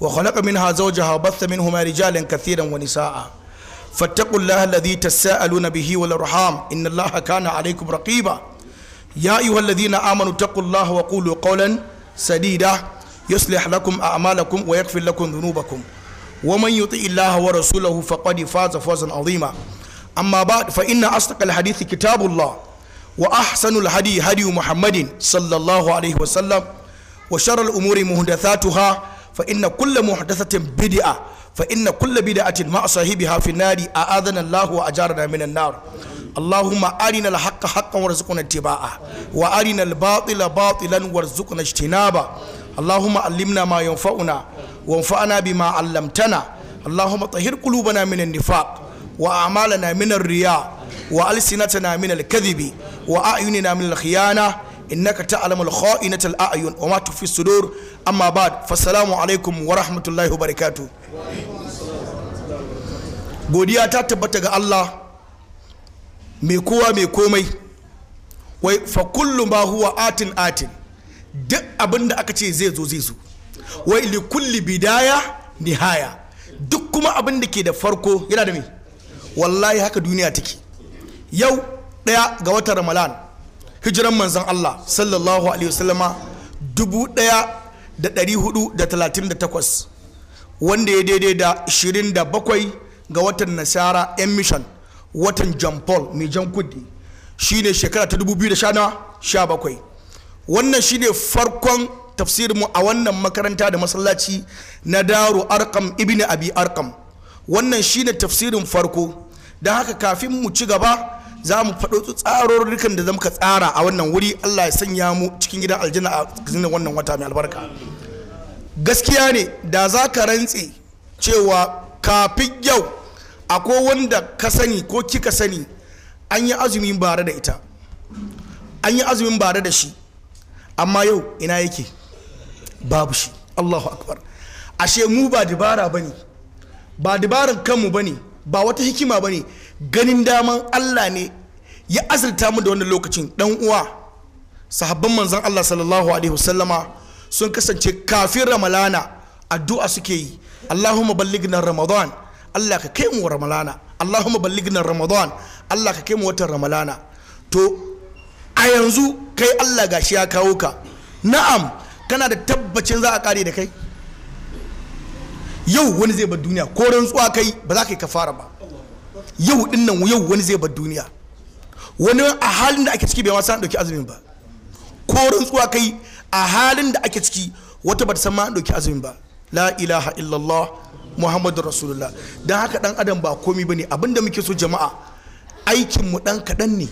وخلق منها زوجها وبث منهما رجالا كثيرا ونساء فاتقوا الله الذي تساءلون به والارحام ان الله كان عليكم رقيبا يا ايها الذين امنوا اتقوا الله وقولوا قولا سديدا يصلح لكم اعمالكم ويغفر لكم ذنوبكم ومن يطع الله ورسوله فقد فاز فوزا عظيما اما بعد فان اصدق الحديث كتاب الله واحسن الهدي هدي محمد صلى الله عليه وسلم وشر الامور محدثاتها فإن كل محدثة بدعة فإن كل بدعة مع صاحبها في النار أعاذنا الله وأجارنا من النار اللهم أرنا الحق حقا وارزقنا اتباعه وأرنا الباطل باطلا وارزقنا اجتنابه اللهم علمنا ما ينفعنا وانفعنا بما علمتنا اللهم طهر قلوبنا من النفاق وأعمالنا من الرياء وألسنتنا من الكذب وأعيننا من الخيانة innaka ta'lamul kha'inatal a'yun wa ma tufi sudur amma ba'd fassalamu alaikum wa rahmatullahi wa barakatuh godiya ta tabbata ga Allah mai kowa mai komai wai fa kullu ma huwa atin atin duk abin aka ce zai zo zai zo wai li kulli bidaya nihaya duk kuma abin da ke da farko yana da me wallahi haka duniya take yau daya ga watan ramadan hijiran manzan Allah sallallahu alaihi wasallama takwas wanda ya daidai da da bakwai ga watan nasara yan mission watan john paul mai jan kudi shine shekara ta dubu biyu da sha bakwai. wannan shine farkon tafsirinmu a wannan makaranta da masallaci na daru arkam ibn abi arkam wannan shine tafsirin farko da haka kafin mu ci gaba za mu faɗo su tsarorrukan da zama ka tsara a wannan wuri allah ya sanya mu cikin gidan aljanna a cikin wannan wata mai albarka gaskiya ne da za ka rantse cewa kafin yau akwai wanda ka sani ko kika sani an yi azumin bare da ita an yi azumin bare da shi amma yau ina yake babu shi allahu akbar ashe mu ba dibara ba ne ba dibaran kanmu ba ne ba wata hikima ba ne ganin daman allah ne ya azurta mu da wannan lokacin dan uwa sahabban manzon allah sallallahu alaihi wasallama sun kasance kafin ramalana addu'a suke yi allahumma balligna ramadan allah ka kai mu ramalana allahumma balligna ramadan allah ka kai mu watan ramalana to a yanzu kai allah gashi ya kawo ka na'am kana da tabbacin za a kare da kai yau wani zai bar duniya ko rantsuwa kai ba za ka yi kafara ba yau din yau wani zai bar duniya wani a halin da ake ciki bai ma san dauki azumin ba ko rantsuwa kai a halin da ake ciki wata bata san ma dauki azumin ba la ilaha illallah muhammadu rasulullah dan haka dan adam ba komi bane abinda muke so jama'a aikin mu dan kadan ne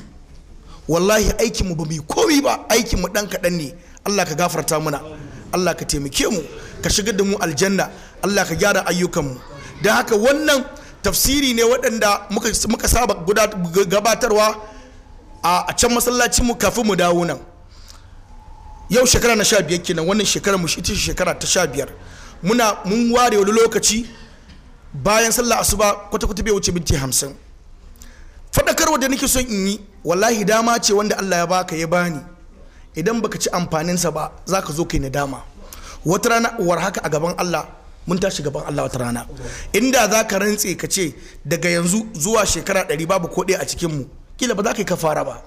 wallahi aikin mu ba mu komi ba aikin mu dan kadan ne Allah ka gafarta mana Allah ka taimake mu ka shigar da mu aljanna Allah ka gyara ayyukan mu don haka wannan tafsiri ne waɗanda muka saba gabatarwa a can masallacin mu kafin mu dawo nan yau shekara na sha biyar kenan wannan shekara mu ita shekara ta sha biyar muna mun ware wani lokaci bayan sallah asuba kwata-kwata bai wuce minti hamsin faɗakarwa da nake son in yi wallahi dama ce wanda Allah ya baka ya bani idan baka ci amfanin sa ba za ka zo kai nadama wata rana war haka a gaban Allah mun tashi gaban Allah wata rana inda za ka rantse ka ce daga yanzu zuwa shekara ɗari babu ko ɗaya a cikinmu kila ba za ka yi fara ba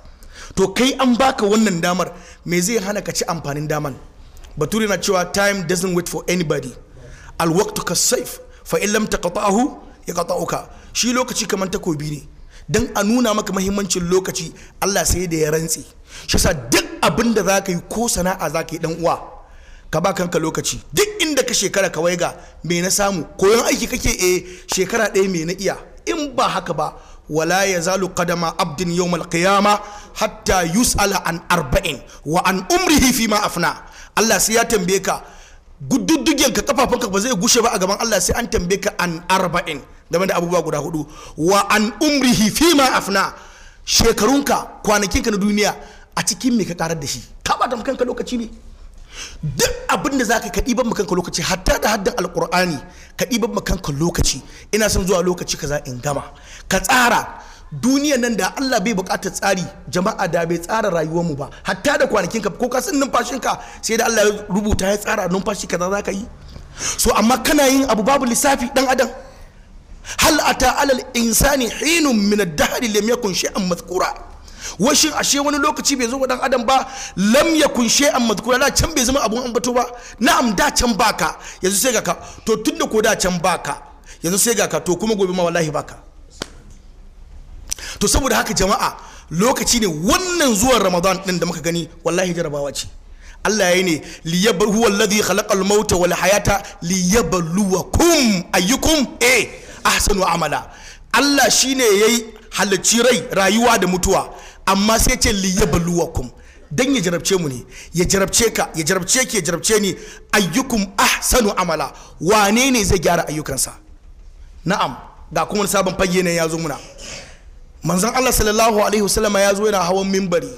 to kai an baka wannan damar me zai hana ka ci amfanin daman bature na cewa time doesn't wait for anybody al waqtu ka saif fa in lam taqta'ahu yaqta'uka shi lokaci kamar takobi ne dan a nuna maka mahimmancin lokaci Allah sai da ya rantse shi sa duk abin da za ka yi ko sana'a za ka yi dan uwa ka ba kanka lokaci duk inda ka shekara ka waiga me na samu koyon aiki kake e shekara ɗaya me na iya in ba haka ba wala ya zalu kadama abdin yawmal qiyama hatta yus'ala an arba'in wa an umrihi fi ma afna Allah sai ya tambaye ka gududdugen ka kafafunka ba zai gushe ba a gaban Allah sai an tambaye ka an arba'in game da abubuwa guda hudu wa an umri fi ma afna shekarunka kwanakinka na duniya a cikin me ka karar da shi ka ba da ka lokaci ne duk abin da zaka ka ɗiban kanka lokaci hatta da haddan alkur'ani ka ɗiban kanka lokaci ina son zuwa lokaci kaza in gama ka tsara duniyan nan da Allah bai bukatar tsari jama'a da bai tsara rayuwar mu ba hatta da kwanakin ka ko ka san numfashin ka sai da Allah ya rubuta ya tsara numfashi kaza ka yi so amma kana yin abu babu lissafi dan adam hal ata alal insani hinun min ad-dahr lam yakun shay'an mazkura washin ashe wani lokaci bai zo dan adam ba lam kunshe an madhkura da can bai zama abun ambato ba na'am da can baka yanzu sai ga ka to tunda ko da can baka yanzu sai ga ka to kuma gobe ma wallahi baka to saboda haka jama'a lokaci ne wannan zuwan ramadan din da muka gani wallahi jarabawa ce Allah ya yi ne liyabar huwa alladhi khalaqal mauta wal hayata liyabluwakum ayyukum eh ahsanu amala Allah shine yayi halacci rai rayuwa da mutuwa amma sai ce baluwakum dan ya jarabce mu ne ya jarabce ka ya jarabce ki ya jarabce ni ayyukum ahsanu amala wane ne zai gyara ayyukansa na'am ga kuma sabon fage ne ya zo muna manzon Allah sallallahu alaihi wasallama ya zo yana hawan mimbari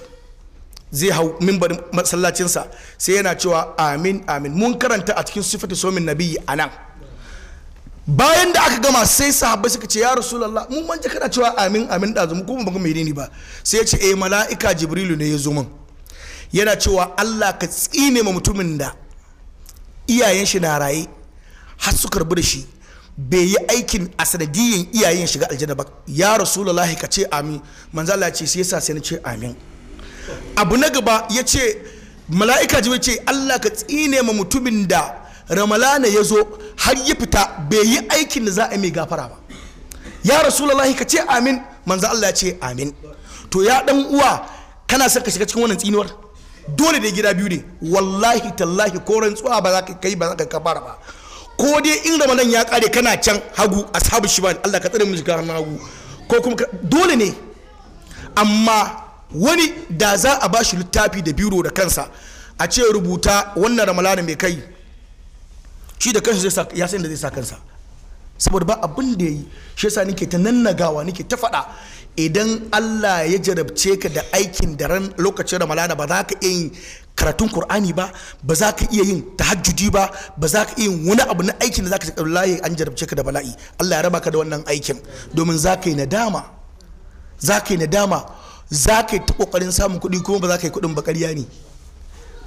zai hau mimbari masallacinsa sai yana cewa amin amin mun karanta a cikin sifatu somin a anan bayan da aka gama sai sahabbai suka ce ya rasulallah mun manje kana cewa amin amin da zumu kuma baga menene ba sai ya ce eh mala'ika jibrilu ne ya zo min yana cewa Allah ka tsine ma mutumin da iyayen shi na raye har su karbi da shi bai yi aikin a sanadiyyar iyayen shiga aljanna ba ya rasulallah ka ce amin manzo Allah ya ce sai yasa sai na ce amin abu na gaba ya ce mala'ika jibrilu ce Allah ka tsine ma mutumin da ramalana ya zo har ya fita bai yi aikin da za a mai gafara ba ya rasulullahi ka ce amin manzo Allah ya ce amin to ya dan uwa kana son ka shiga cikin wannan tsinuwar dole da gida biyu ne wallahi tallahi ko rantsuwa ba za ka kai ba za ka kafara ba ko dai in ramadan ya kare kana can hagu ashabu shiban Allah ka tsare mu shiga hagu ko kuma dole ne amma wani da za a ba shi littafi da biro da kansa a ce rubuta wannan ramalana mai kai shi da kansa ya san da zai sa kansa saboda ba abin da ya yi shi yasa nike ta nannagawa nake ta faɗa idan Allah ya jarabce ka da aikin da ran lokacin Ramadana ba za ka iya yin karatun Kur'ani ba ba za ka iya yin tahajjudi ba ba za ka iya yin wani abu na aikin da za ka ce wallahi an jarabce ka da bala'i Allah ya raba ka da wannan aikin domin za ka yi nadama za ka yi nadama za ka yi ta kokarin samun kuɗi kuma ba za ka yi kuɗin ba ƙarya ne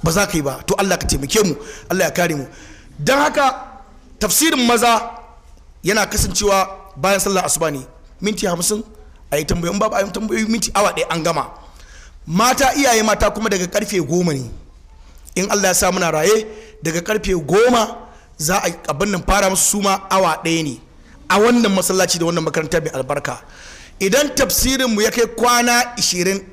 ba za ka yi ba to Allah ka taimake mu Allah ya kare mu don haka tafsirin maza yana kasancewa bayan sallar asuba ne minti hamsin a yi tambayoyi ba a yi minti awa ɗaya an gama mata iyaye mata kuma daga karfe goma ne in allah ya sa muna raye daga karfe goma za a abin fara musu suma awa ɗaya ne a wannan masallaci da wannan makaranta mai albarka idan tafsirinmu ya kai kwana ishirin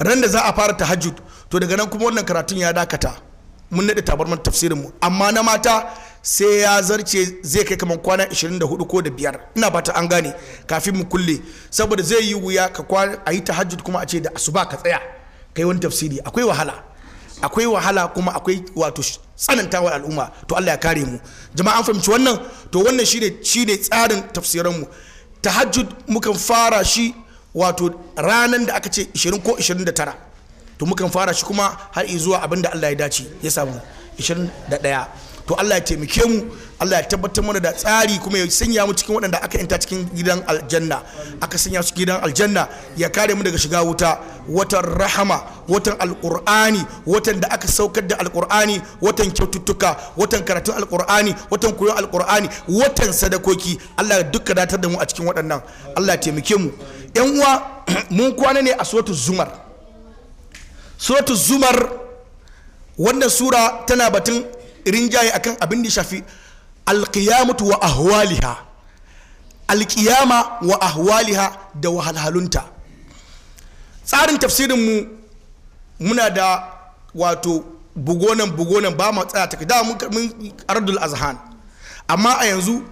ran da za a fara tahajjud to daga nan kuma wannan karatun ya dakata mun nade tabarman tafsirin mu amma na mata sai ya zarce zai kai kamar kwana 24 ko da biyar ina fata an gane kafin mu kulle saboda zai yi wuya ka kwana a yi tahajjud kuma a ce da asuba ka tsaya kai wani tafsiri akwai wahala akwai wahala kuma akwai wato tsanantawa al'umma to Allah ya kare mu jama'a an fahimci wannan to wannan shine shine tsarin tafsiran mu tahajjud mukan fara shi wato ranan da aka ce 20 ko 29 to mukan fara shi kuma har zuwa abin da Allah ya dace ya samu 21 to Allah ya taimake mu Allah ya tabbatar mana da tsari kuma ya sanya mu cikin waɗanda aka yanta cikin gidan aljanna aka sanya su gidan aljanna ya kare mu daga shiga wuta watan rahama watan alqur'ani watan da aka saukar da alqur'ani watan kyaututtuka watan karatun alqur'ani watan koyon alqur'ani watan sadakoki Allah ya duka datar da mu a cikin waɗannan Allah ya taimake mu yan uwa mun kwana ne a suratul zumar suratu zumar wannan sura tana batun rinjaye akan abin da shafi alkiyamatu wa ahwaliha alkiyama wa ahwaliha da wahalhalunta tsarin tafsirinmu muna da wato bugonan bugonan ba mu tsaya take da mun ardul azhan amma a yanzu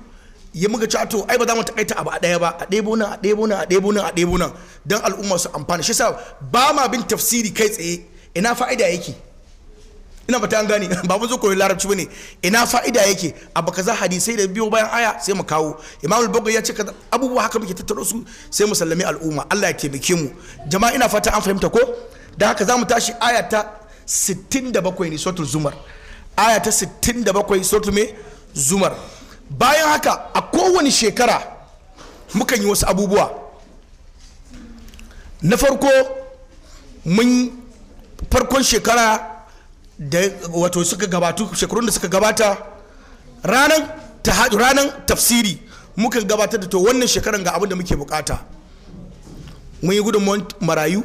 ya muka cewa to ai ba za mu takaita abu a daya ba a ɗebo nan a ɗebo nan a ɗebo nan a ɗebo nan don al'umma su amfana shi sa ba ma bin tafsiri kai tsaye ina fa'ida yake ina ba ta gane ba mun zo koyi larabci bane ina fa'ida yake abu kaza hadisai da biyo bayan aya sai mu kawo imam al-bukhari ya ce kaza abubuwa haka muke tattaro su sai mu sallami al'umma Allah ya taimake mu jama'a ina fata an fahimta ko da haka zamu tashi aya ta 67 ne suratul zumar aya ta 67 suratul me zumar bayan haka a kowane shekara mukan yi wasu abubuwa na farko mun farkon shekara da wato suka gabatu shekarun da suka gabata ranar ranan tafsiri muka gabatar da to wannan shekaran ga abin da muke bukata mun yi gudunmawar marayu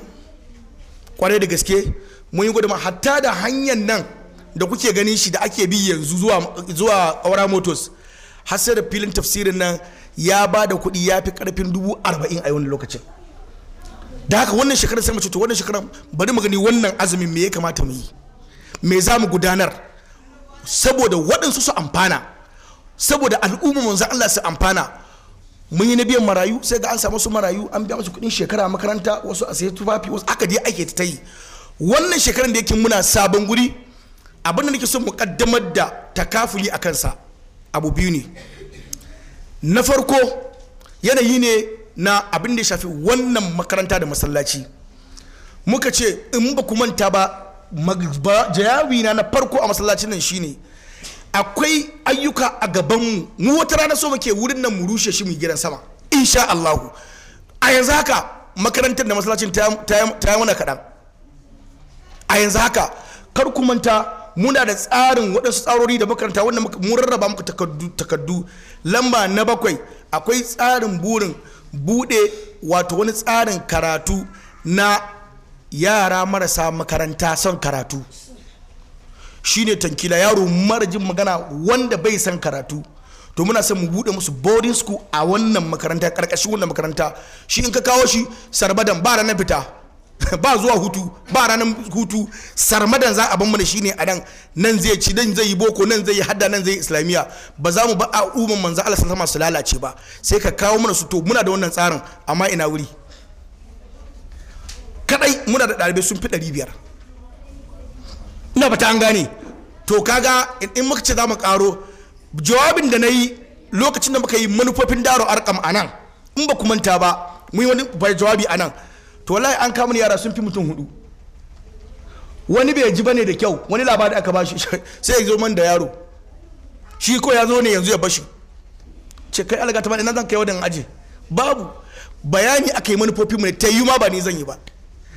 kwarai da gaske mun yi gudunmawar hatta da hanyar nan da kuke ganin shi da ake bi yanzu zuwa zuwa motors har da filin tafsirin nan ya ba da kuɗi ya fi karfin dubu arba'in a wani lokacin da haka wannan shekarar sai mu to wannan shekarar bari mu gani wannan azumin me ya kamata mu yi me za mu gudanar saboda waɗansu su amfana saboda al'umma manzon Allah su amfana mun yi na biyan marayu sai ga an samu su marayu an biya musu kuɗin shekara makaranta wasu a sayi tufafi wasu aka je ake ta yi wannan shekarar da yake muna sabon guri abin da nake so mu kaddamar da takafuli a kansa abu biyu ne na farko yanayi ne na abin da ya shafi wannan makaranta da masallaci muka ce in ba ku manta ba jayawi na na farko a masallacin nan shine akwai ayyuka a gabanmu mu wata rana so muke wurin nan mu rushe shi mu gidan sama insha Allahu a yanzu haka makarantar da masallacin ta yi mana kaɗan a yanzu haka kar ku manta muna da tsarin waɗansu tsarori da makaranta wanda mun rarraba muku takardu lamba na bakwai akwai tsarin burin buɗe wato wani tsarin karatu na yara marasa makaranta son karatu shine tankila yaro mara jin magana wanda bai son karatu to muna son mu bude musu boarding school a wannan makaranta karkashin wannan makaranta shi in ka kawo shi sarbadan ba na fita ba zuwa hutu ba ranar hutu sarmadan za a ban mana shine a nan nan zai ci dan zai yi boko nan zai yi hadda nan zai yi islamiya ba za mu ba a umman manzo Allah sallallahu alaihi lalace ba sai ka kawo mana su to muna da wannan tsarin amma ina wuri kadai muna da ɗalibai sun fi ɗari biyar ina bata an gane to kaga in muka ce za mu karo jawabin da na yi lokacin da muka yi manufofin daro arkam a nan in ba ku manta ba mu yi wani jawabi a nan to wallahi an kama yara sun fi mutum hudu wani bai ji bane da kyau wani labari aka bashi sai ya zo man da yaro shi ko ya zo ne yanzu ya bashi ce kai alga tabar ina zan kai wadan aje babu bayani aka yi manufofin mu ne ta yi ma ba ni zan yi ba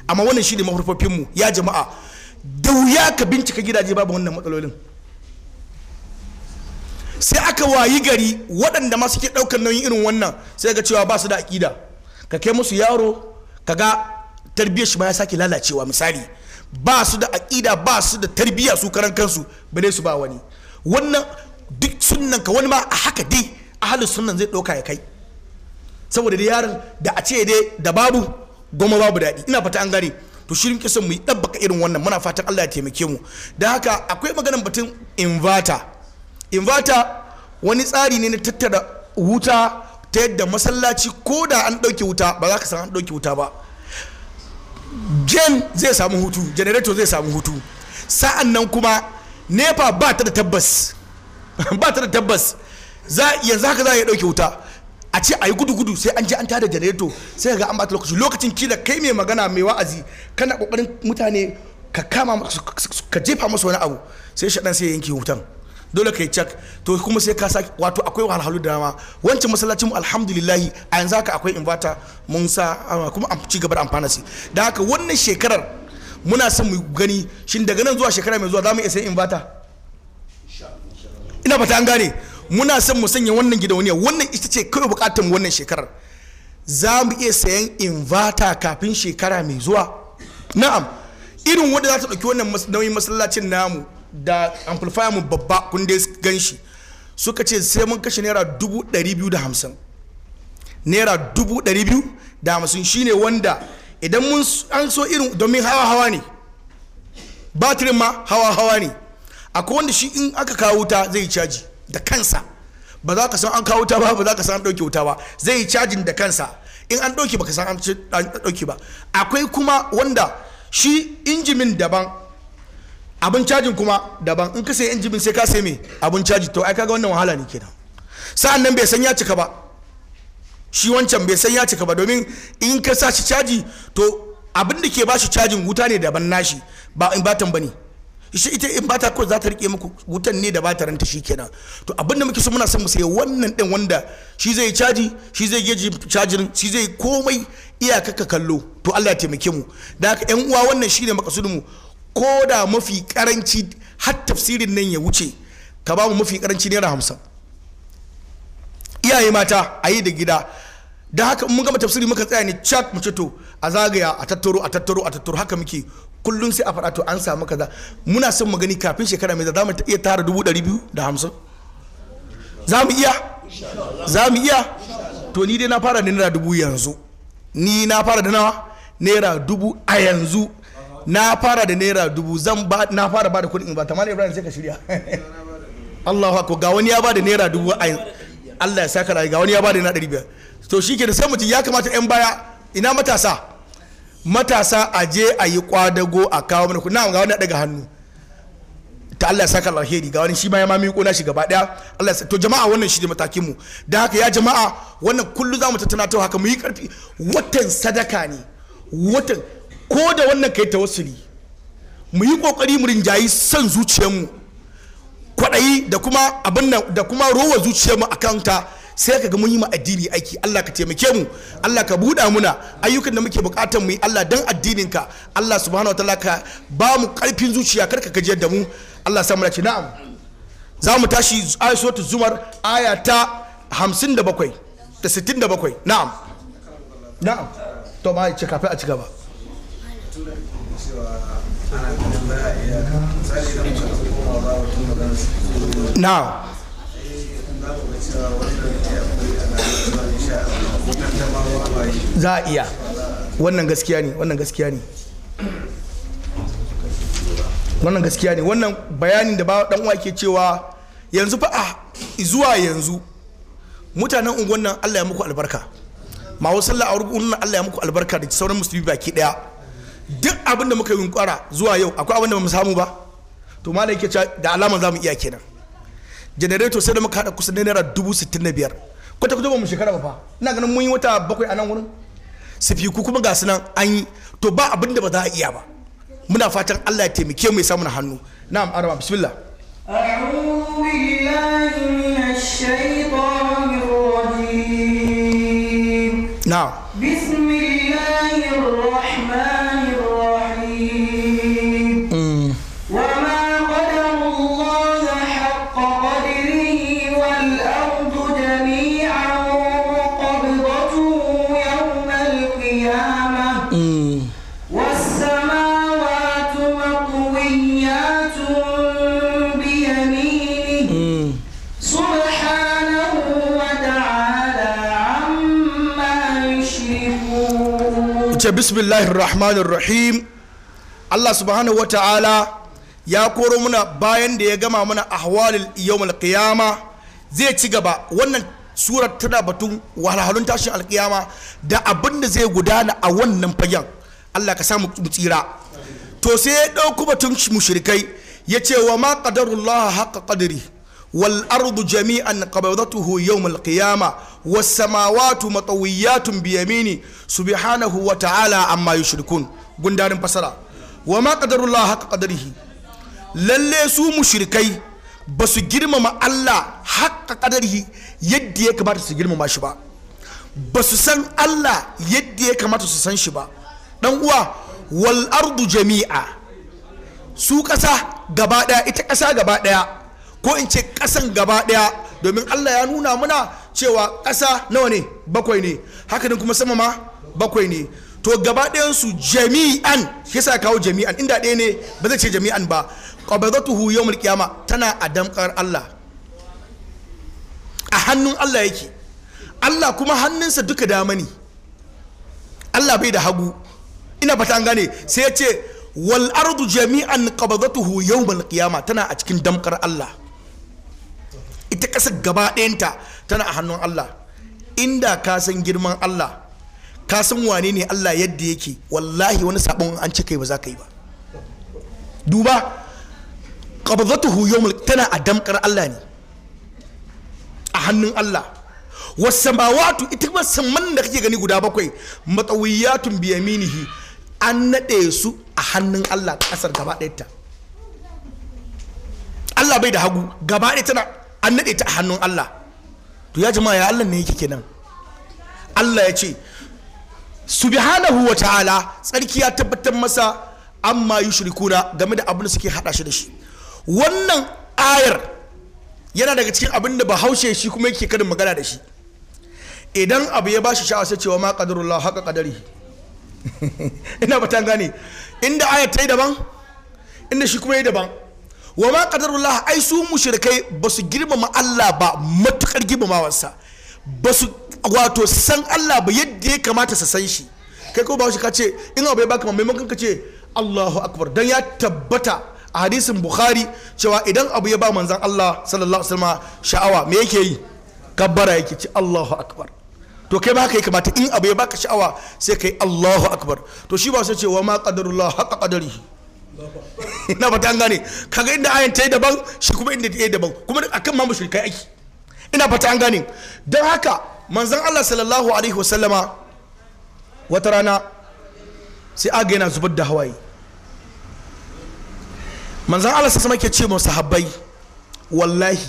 amma wannan shi ne manufofin mu ya jama'a da wuya ka bincika gidaje babu wannan matsalolin sai aka wayi gari waɗanda ma suke ɗaukar nauyin irin wannan sai ga cewa ba su da aƙida ka kai musu yaro kaga tarbiyyar shi ma ya sake lalacewa misali ba su da aƙida ba su da tarbiyya su karan kansu ne su ba wani wannan duk sunnan ka wani ma a haka dai ahalin sunnan zai ɗauka ya kai saboda da yaron da a ce dai da babu goma babu daɗi ina fata an gane to shirin kisan mu yi ɗabbaka irin wannan muna fatan Allah ya taimake mu da haka akwai maganar batun inverter inverter wani tsari ne na tattara wuta ta yadda masallaci ko da an ɗauke wuta ba za ka san an ɗauke wuta ba gen zai samu hutu generator zai samu hutu sa'an nan kuma nepa ba ta da tabbas ba ta da tabbas yanzu haka za a yi ɗauke wuta a ce a yi gudu-gudu sai an je an tada janareto sai ga an ba ta lokaci lokacin kila kai mai magana mai wa'azi kana kokarin mutane ka kama ka jefa masu wani abu sai shaɗan sai yanke wutan dole ka yi cak to kuma sai ka saki wato akwai wahalhalu da dama wancan masallacin alhamdulillahi a yanzu haka akwai invata mun sa kuma an ci gaba da amfana su da haka wannan shekarar muna son mu gani shin daga nan zuwa shekara mai zuwa za mu iya sayan invata ina fata an gane muna son mu sanya wannan gidauniya wannan ita ce kawai bukatar wannan shekarar za mu iya sayan invata kafin shekara mai zuwa na'am irin wanda za ta ɗauki wannan nauyin masallacin namu da amplifier mu babba kun dai gan shi suka ce sai mun kashe naira dubu ɗari biyu da hamsin naira dubu ɗari biyu da hamsin shine wanda idan mun an so irin domin hawa hawa ne batirin ma hawa hawa ne akwai wanda shi in aka kawo wuta zai caji da kansa ba za ka san an kawo wuta ba ba za ka san an ɗauke wuta ba zai yi cajin da kansa in an ɗauke ba ka san an ɗauke ba akwai kuma wanda shi injimin daban abin cajin kuma daban in ka sayi injibin sai ka sayi me abin caji to ai kaga wannan wahala ne kenan sa'an nan bai san ya cika ba shi wancan bai san ya cika ba domin in ka sa shi caji to abin da ke ba shi cajin wuta ne daban nashi ba in batan bane shi ita in bata ko za ta rike muku wutan ne da ba ta ranta shikenan to abin da muke so muna son mu sayi wannan din wanda shi zai caji shi zai geji cajin shi zai komai iyaka ka kallo to Allah ya taimake mu da haka yan uwa wannan shine makasudin mu ko da mafi karanci har tafsirin nan ya wuce ka ba mu mafi karanci naira hamsin iyaye mata a yi da gida da haka mun gama tafsiri muka tsaya ne chat mu to a zagaya a tattaro a tattaro a tattaro haka muke kullum sai a faɗa to an samu kaza muna son mu gani kafin shekara mai za mu iya tara dubu ɗari biyu da hamsin za mu iya za mu iya to ni dai na fara da naira dubu yanzu ni na fara da nawa naira dubu a yanzu na fara da naira dubu zan ba na fara ba da kuɗin ba tamar ibrahim sai ka shirya Allahu akbar ga wani ya ba da naira dubu a Allah ya saka rai ga wani ya ba da naira ɗari biyar to shi ke da sai mutum ya kamata yan baya ina matasa matasa a je a yi kwadago a kawo mana kuɗi na ga wani daga hannu ta Allah ya saka alheri ga wani shi ma ya ma miƙo nashi gaba daya Allah to jama'a wannan shi ne matakin mu da haka ya jama'a wannan kullu mu tattauna to haka mu yi karfi watan sadaka ne watan ko da wannan kai tawassuli mu yi kokari mu rinjayi san zuciyarmu kwaɗayi da kuma abin nan da kuma rowa zuciyarmu akan ta sai ka ga mun yi ma addini aiki Allah ka taimake mu Allah ka buɗa muna ayyukan da muke buƙatar mu yi Allah dan addinin ka Allah subhanahu wataala ka ba mu ƙarfin zuciya karka gajiyar da mu Allah sa mu dace na'am za mu tashi ayatu zumar aya ta 57 da 67 na'am na'am to ma ce kafin a ci gaba now eh, za a iya wannan gaskiya ne wannan gaskiya ne wannan gaskiya ne wannan bayanin da dan uwa ke cewa yanzu fa ah, zuwa yanzu mutanen unguwan nan Allah ya muku albarka ma wasu Allah a Allah ya muku albarka da sauran musulmi baki daya duk abin da muka yi kwara zuwa yau akwai abin da mu samu ba to malam yake da alama za mu iya kenan generator sai da muka hada kusa naira dubu sittin na biyar kwata kwata ba mu shekara ba fa ina ganin mun yi wata bakwai a nan wurin sifiku kuma ga su nan an yi to ba abin da ba za a iya ba muna fatan Allah ya taimake mu ya samu na hannu na'am arama bismillah a'udhu ce bismillahir rahim Allah subhanahu ta'ala ya koro muna bayan da ya gama muna ahwalil yawmul qiyama zai ci gaba wannan surar tana batun wahalhalun tashin alkiyama da abin da zai gudana a wannan fagen Allah ka samu tsira to sai ya ɗauko batun mushrikai ya ce wa ma qadarullah haqqa qadri wal jami'an qabdatuhu yau al qiyama was samawati matawiyatun bi yamini subhanahu wa ta'ala amma yushrikun gundarin fasara wa ma qadarullah haqa qadarihi lalle su mushrikai ba su girmama Allah haƙa ƙadarihi yadda ya kamata su girmama shi ba ba su san Allah yadda ya kamata su san shi ba Ɗan uwa wal'adu jami'a su ƙasa gaba ɗaya ita ƙasa gaba ɗaya ko in ce ƙasan gaba ɗaya domin Allah ya nuna muna cewa ƙasa nawa ne bakwai ne haka kuma sama ma bakwai ne to gaba su jami'an shi yasa kawo jami'an inda ɗaya ne ba zai ce jami'an ba qabadatuhu yawmul qiyama tana a damkar Allah a hannun Allah yake Allah kuma hannunsa duka dama ne Allah bai da hagu ina fata an gane sai ya ce wal ardu jami'an qabadatuhu yawmul qiyama tana a cikin damkar Allah ita ƙasa gaba ɗayanta tana a hannun Allah inda ka san girman Allah ka san wane ne Allah yadda yake wallahi wani sabon an kai ba za ka yi ba duba qabdatuhu yawmul tana a damkar Allah ne a hannun Allah wasamawatu ita ba man da kake gani guda bakwai matsawiyatun biyaminihi an naɗe su a hannun Allah kasar gaba ɗayanta Allah bai da hagu gaba ɗaya tana an nade ta a hannun Allah to ya jama'a ya Allah ne yake kenan Allah ya ce subhanahu wa ta'ala tsarki ya tabbatar masa amma yushrikuna game da abin da suke hada shi da shi wannan ayar yana daga cikin abin da bahaushe shi kuma yake karin magana da shi idan abu ya bashi sha'awa sai cewa ma qadarullah haka qadari ina batan gane inda ayar ta yi daban inda shi kuma yi daban wa ma qadarullah ai su mushrikai ba su girmama Allah ba matukar girmamawarsa basu wato san Allah ba yadda ya kamata su san shi kai ko ba shi ka ce in abu ya baka maimakon ka ce Allahu akbar dan ya tabbata a hadisin Bukhari cewa idan abu ya ba manzon Allah sallallahu alaihi wasallam sha'awa me yake yi kabbara yake ce Allahu akbar to kai ba haka ya kamata in abu ya baka sha'awa sai kai Allahu akbar to shi ba sai ce wa ma qadarullah haqa qadarihi ina fata an gane kaga inda ayan ta yi daban shi kuma inda ta yi daban kuma a kan mamu mushrikai aiki ina fata an gane don haka manzan Allah sallallahu alaihi wasallama wata rana sai aga yana zubar da hawaye manzan Allah sai sama ke ce mu sahabbai wallahi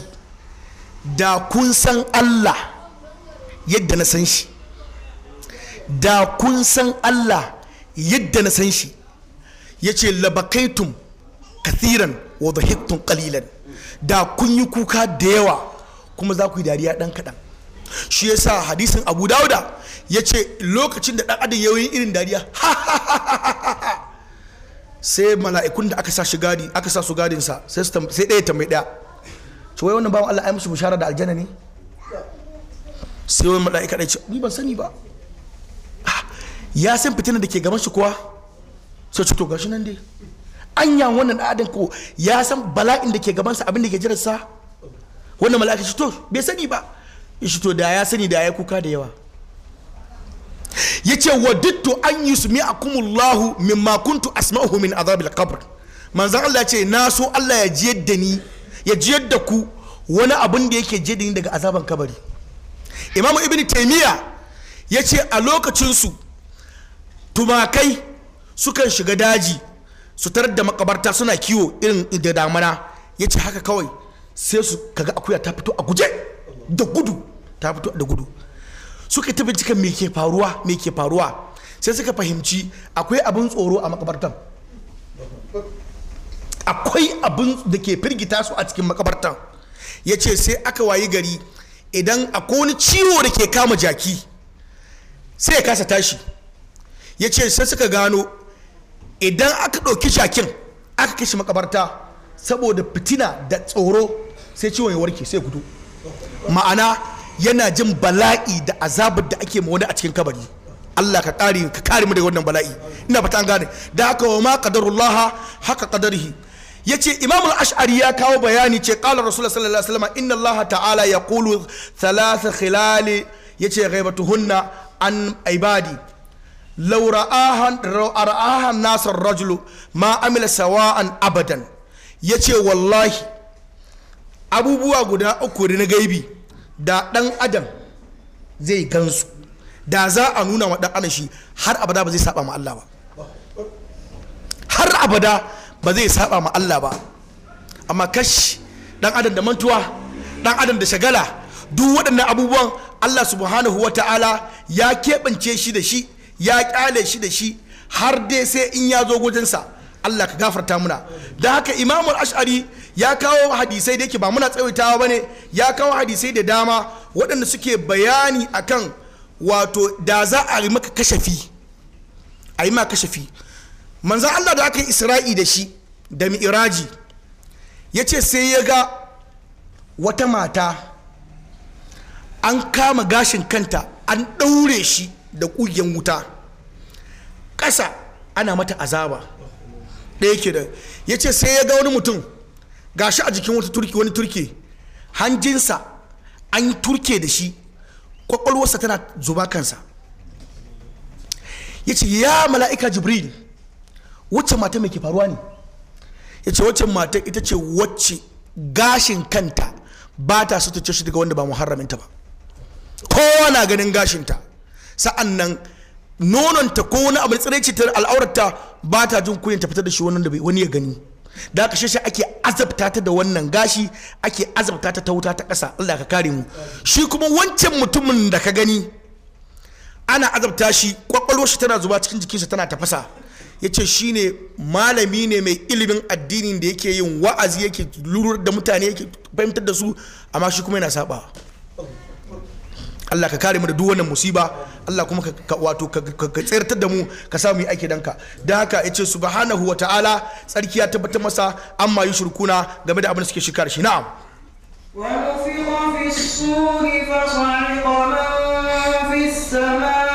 da kun san Allah yadda na san shi da kun san Allah yadda na san shi ya ce labakaitun kathiran wa dhahiktun kalilan da kun yi kuka da yawa kuma za ku yi dariya dan kaɗan shi yasa hadisin abu dauda ya ce lokacin da ɗan adam ya yi irin dariya sai mala'ikun da aka sa shi gadi aka sa su gadin sa sai ɗaya ta mai ɗaya ci wai wannan bawan Allah ya musu bishara da aljanna ne sai wani mala'ika ɗaya ce ni ban sani ba ya san fitina da ke gaban shi kuwa sai to gashi nan dai anya wannan da adam ko ya san bala'in da ke gabansa abin da ke jiransa wannan mala'ika shi to bai sani ba shi to da ya sani da ya kuka da yawa yace wa wadittu an yusmi'akumullahu mimma kuntu asma'uhu min azabil qabr manzon Allah ce na so Allah ya jiyar da ni ya jiyar da ku wani abin da yake jiyar da ni daga azaban kabari imamu ibnu taymiya yace a lokacin su tumakai sukan shiga daji su tarar da makabarta suna kiwo irin da damana ya ce haka kawai sai su kaga akuya ta fito a guje da gudu ta fito da gudu suka tafi cika me ke faruwa me ke faruwa sai suka fahimci akwai abin tsoro a makabartan akwai abin da ke firgita su a cikin makabartan ya ce sai aka wayi gari idan akwai wani ciwo da ke kama jaki sai ya kasa tashi ya ce sai suka gano idan aka ɗauki shakin aka kashe makabarta saboda fitina da tsoro sai ciwon ya warke sai gudu ma'ana yana jin bala'i da azabar da ake ma wani a cikin kabari Allah ka kare ka kare mu daga wannan bala'i ina fata an gane da haka wa ma qadarullaha haka qadarihi yace imamul ashari ya kawo bayani ce qala rasulullah sallallahu alaihi wasallam inna Allah ta'ala yaqulu thalath khilali yace ghaibatuhunna an ibadi laura'ahan nasar rajulu ma amila sawa'an abadan ya ce wallahi abubuwa guda uku na gaibi da ɗan adam zai gansu da za nuna wa ɗan adam shi har abada ba zai saba ma Allah ba har abada ba zai saba ma Allah ba amma kash ɗan adam da mantuwa ɗan adam da shagala duk waɗannan abubuwan Allah subhanahu wa ta'ala ya keɓance shi da shi ya kyale shi da shi har dai sai in ya zo gudunsa Allah ka gafarta muna da haka imamul ash'ari ya kawo hadisai da yake ba muna tsawaitawa bane ya kawo hadisai da dama waɗanda suke bayani akan wato da za a yi maka kashafi a yi maka kashafi manzan Allah da aka yi isra'i da shi da mi'iraji ya ce sai ya ga wata mata an kama gashin kanta an ɗaure shi da kugiyan wuta ƙasa ana mata azaba ɗaya ke da ya ce sai ya ga wani mutum gashi a jikin wata wani turke hanjinsa an yi turke da shi kwakwalwarsa tana zuba kansa ya ce ya mala'ika jibril wacce mata mai ke faruwa ne ya ce wacce mata ita ce wacce gashin kanta ba ta sutuce shi daga wanda ba ta ba kowa na ganin gashinta sa'an nan nononta ko wani abu tsiraici ta al'aurata ba ta jin kunyan ta fitar da shi wani da wani ya gani da aka shi ake azabta ta da wannan gashi ake azabta ta ta wuta ta ƙasa Allah ka kare mu shi kuma wancan mutumin da ka gani ana azabta shi kwakwalwar shi tana zuba cikin jikinsa tana tafasa ya ce shi ne malami ne mai ilimin addinin da yake yin wa'azi yake lurar da mutane yake fahimtar da su amma shi kuma yana saba Allah ka kare mu da duk wannan musiba Allah kuma ka wato ka tsayartar da mu ka samu yi aiki danka dan haka yace subhanahu wataala tsarki ya tabbatar masa amma yi shirkuna game da abin da suke shikar shi na'am wa fi suri fa sa'iqa man fi samaa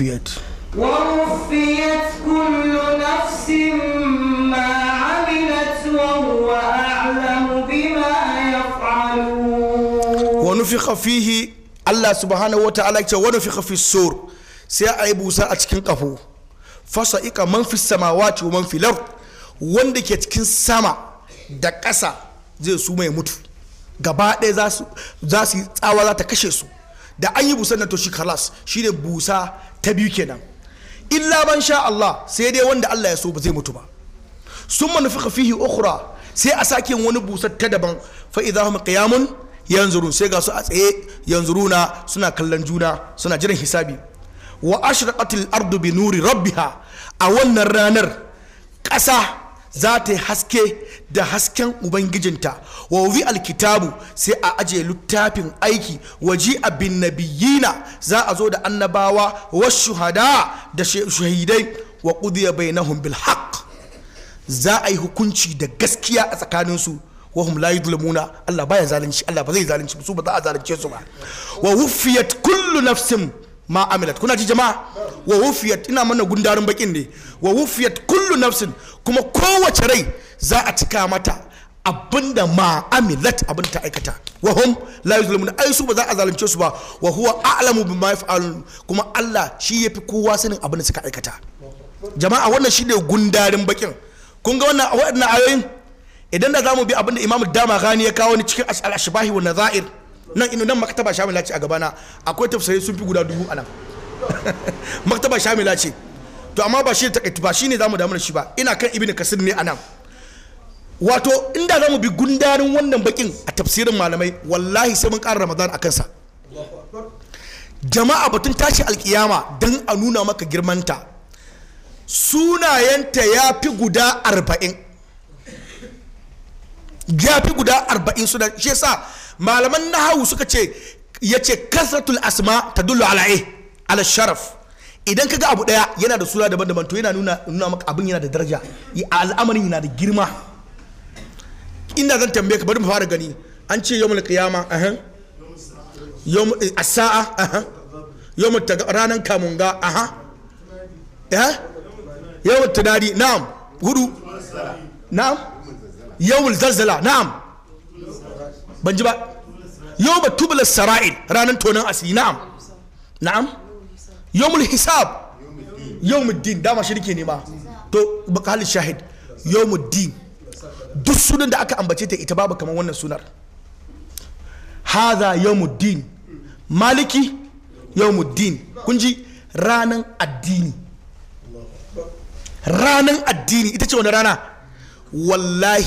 وفيت ووفيت كل نفس ما عملت وهو أعلم بما sai a yi busa a cikin ƙafo fasa ika man fi samawati wa man fi wanda ke cikin sama da ƙasa zai su mai mutu gaba ɗaya za su yi tsawa za ta kashe su da an yi busa na to shi kalas shi ne busa ta biyu kenan illa ban sha Allah sai dai wanda Allah ya so ba zai mutu ba sun manufa fihi ukhra sai a sake wani busar ta daban fa idza hum qiyamun yanzurun sai ga su a tsaye yanzuruna suna kallon juna suna jiran hisabi wa ashraqatil ardu bi nuri rabbiha a wannan ranar ƙasa za ta yi haske da hasken ubangijinta wa wuri alkitabu sai a ajiye littafin aiki waji abin nabiyina za a zo da annabawa wa shuhada da shahidai wa bai na bil za a yi hukunci da gaskiya a tsakaninsu wa hum la yudlamuna Allah baya zalunci Allah ba zai zalunci su ba za a zalunce su ba wa wufiyat kullu nafsin ma amilat kuna ji jama'a wa wufiyat ina mana gundarin bakin ne wa wufiyat kullu nafsin kuma kowace rai za a cika mata abinda ma amilat abin ta aikata wa hum la yuzlamun ai su ba za a zalunce su ba wa huwa a'lamu bima yaf'alun kuma Allah shi yafi kowa sanin abin da suka aikata jama'a wannan shi ne gundarin bakin kun ga wannan wa'annan ayoyin idan da zamu bi abinda da Imam Dama Ghani ya kawo ni cikin al shibahi wa nadha'ir nan ino nan maktaba shamila ce a gabana akwai tafsirai sun fi guda dubu a nan maktaba shamila ce to amma ba shi ne ba shi ne za mu damu da shi ba ina kan ibnu kasir ne a nan wato inda za mu bi gundarin wannan bakin a tafsirin malamai wallahi sai mun ƙara ramadan a kansa jama'a batun tashi alkiyama don a nuna maka girmanta sunayenta ya fi guda arba'in ya fi guda arba'in suna shi yasa malaman nahawu suka ce ya ce kasratul asma ta dullu ala eh ala sharaf idan kaga abu daya yana da suna daban-daban to yana nuna nuna maka abin yana da daraja al'amarin yana da girma inda zan tambaye ka bari mu fara gani an ce yawmul qiyama ahan yawm eh, as-sa'a ahan yawm ranan kamunga ahan eh yawm tunadi na'am hudu na'am yawmul zalzala na'am ban ji ba yau ba tubula sara'in ranar tonon asiri na'am na'am mul hisab yau yawmul din dama shirke ne ba to baka halin shahid yawmul din duk sunan da aka ambace ta ita babu kamar wannan sunar haza yawmul din maliki yau yawmul din kun ji ranan addini ranan addini ita ce wani rana wallahi